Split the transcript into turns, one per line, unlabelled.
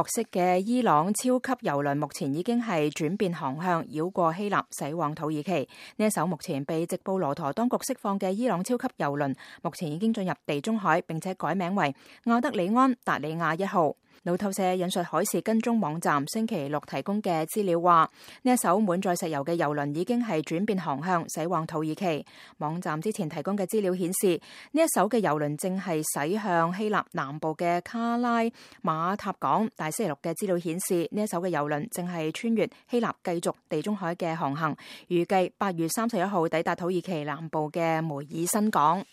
獲釋嘅伊朗超級油輪目前已經係轉變航向，繞過希臘，駛往土耳其。呢一艘目前被直布羅陀當局釋放嘅伊朗超級油輪，目前已經進入地中海，並且改名為阿德里安達里亞一號。路透社引述海事跟蹤網站星期六提供嘅資料話，呢一艘滿載石油嘅油輪已經係轉變航向駛往土耳其。網站之前提供嘅資料顯示，呢一艘嘅油輪正係駛向希臘南部嘅卡拉馬塔港。大星期六嘅資料顯示，呢一艘嘅油輪正係穿越希臘繼續地中海嘅航行，預計八月三十一號抵達土耳其南部嘅梅爾新港。